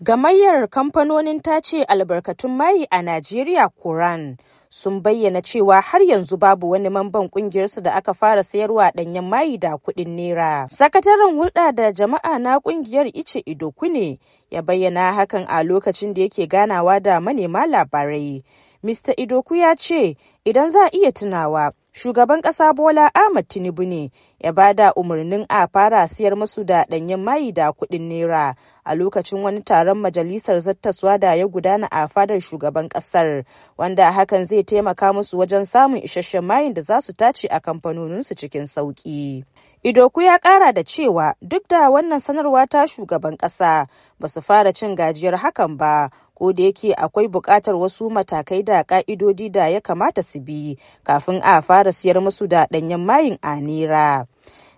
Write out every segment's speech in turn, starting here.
Gamayyar kamfanonin ta ce albarkatun mayi a Najeriya Koran sun bayyana cewa har yanzu babu wani mamban kungiyarsu da aka fara sayarwa danyen mayi da kuɗin nera. Sakataren hulɗa da jama'a na kungiyar Ice Idoku ne ya bayyana hakan a lokacin da yake ganawa da manema labarai. Mr. Idoku ya ce, "Idan za a iya tunawa, shugaban ƙasa Bola Ahmad Tinubu ne ya ba da umarnin a fara siyar musu da danyen mayi da kuɗin naira a lokacin wani taron majalisar zattaswa da ya gudana a fadar shugaban ƙasar wanda hakan zai taimaka musu wajen samun isasshen mayin da za su tace a kamfanoninsu cikin sauƙi. Idoku ya kara da cewa duk da wannan sanarwa ta shugaban kasa ba su fara cin gajiyar hakan ba ko da yake akwai bukatar wasu matakai da ka'idodi da ya kamata su bi kafin a fara siyar musu da danyen mayin a naira.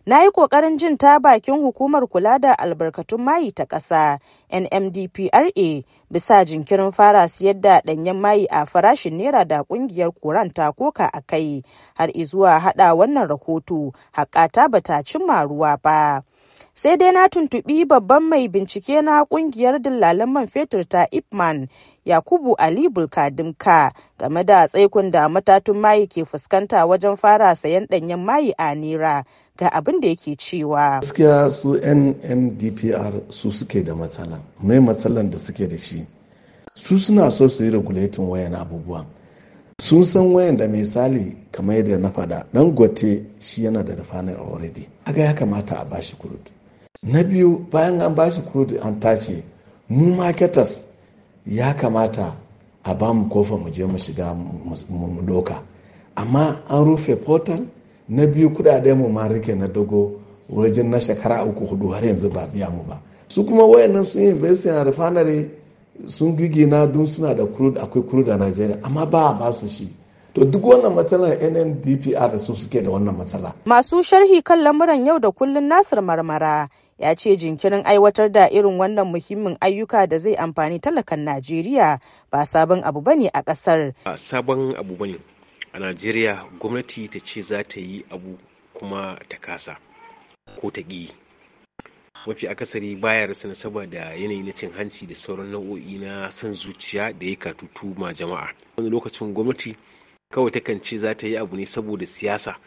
Na yi ƙoƙarin jin ta bakin Hukumar Kula da Albarkatun Mayi ta Ƙasa (NMDPRA) bisa jinkirin fara siyar da ɗanyen mayi a farashin Naira da ƙungiyar Koran ta koka a kai har izuwa haɗa wannan rahoto, haƙata ba ta cimma ruwa ba. sai dai na tuntubi babban mai bincike na ƙungiyar dillalan man fetur ta ipman yakubu ali bulkadimka game da tsaikun da matatun mayi ke fuskanta wajen fara sayan ɗanyen mayi a nera ga abin da yake cewa gaskiya su nmdpr su suke da matsala mai matsalan da suke da shi su suna so su yi regulatin wayan abubuwa sun san wayan da misali kamar yadda na faɗa ɗan gote shi yana da refinery already aga ya kamata a bashi kurutu na biyu bayan an ba shi crude an tace mu marketers ya kamata a ba mu kofa mu je mu shiga mu doka amma an rufe portal na biyu kudaden mu ma rike na dogo wajen na shekara uku hudu har yanzu ba biya mu ba su kuma wayannan sun yi investing a refinery sun gigina don suna da crude akwai crude a nigeria amma ba a basu shi to duk wannan matsalar NNDPR su suke da wannan matsala masu sharhi kan lamuran yau da kullun Nasir Marmara ya ce jinkirin aiwatar da irin wannan muhimmin ayyuka da zai amfani talakan najeriya ba sabon abu bane a kasar sabon abu bane a najeriya gwamnati ta ce za ta yi abu kuma ta kasa ko ta ƙi mafi akasari baya rasa saba da yanayi na cin hanci da sauran nau'o'i na son zuciya da ya katutu ma jama'a wani lokacin gwamnati kawai takan ce za ta yi abu ne saboda siyasa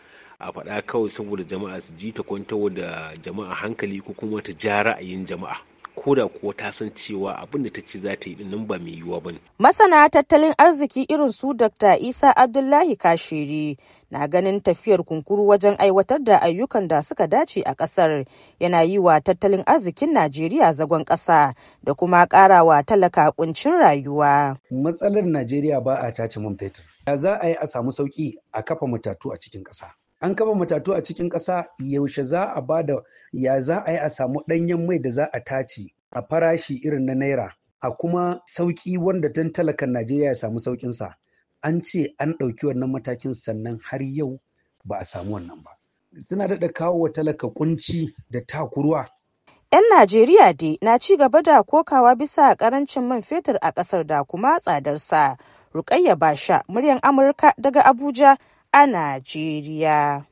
a faɗa kawai saboda jama'a su ji ta kwantar da jama'a hankali ko kuma ta ja ra'ayin jama'a ko da kuwa ta san cewa abin da ta ce za ta yi nan ba mai yiwuwa ne. Masana tattalin arziki irin su Dr. Isa Abdullahi Kashiri na ganin tafiyar kunkuru wajen aiwatar da ayyukan da suka dace a ƙasar yana yi wa tattalin arzikin Najeriya zagon ƙasa da kuma ƙarawa talaka kuncin rayuwa. Matsalar Najeriya ba a tace man fetur. Ya za a yi a samu sauki a kafa matatu a cikin ƙasa. an kafa matatu a cikin ƙasa yaushe za a ba da ya za a yi a samu ɗanyen mai da za a tace a farashi irin na naira a kuma sauƙi wanda don talakan najeriya ya samu sauƙinsa an ce an ɗauki wannan matakin sannan har yau ba a samu wannan ba suna daɗa kawo wa talaka kunci da takurwa 'Yan Najeriya dai na ci gaba da kokawa bisa ƙarancin man fetur a ƙasar da kuma tsadarsa. Rukayya Basha, muryan Amurka daga Abuja a Nigeria.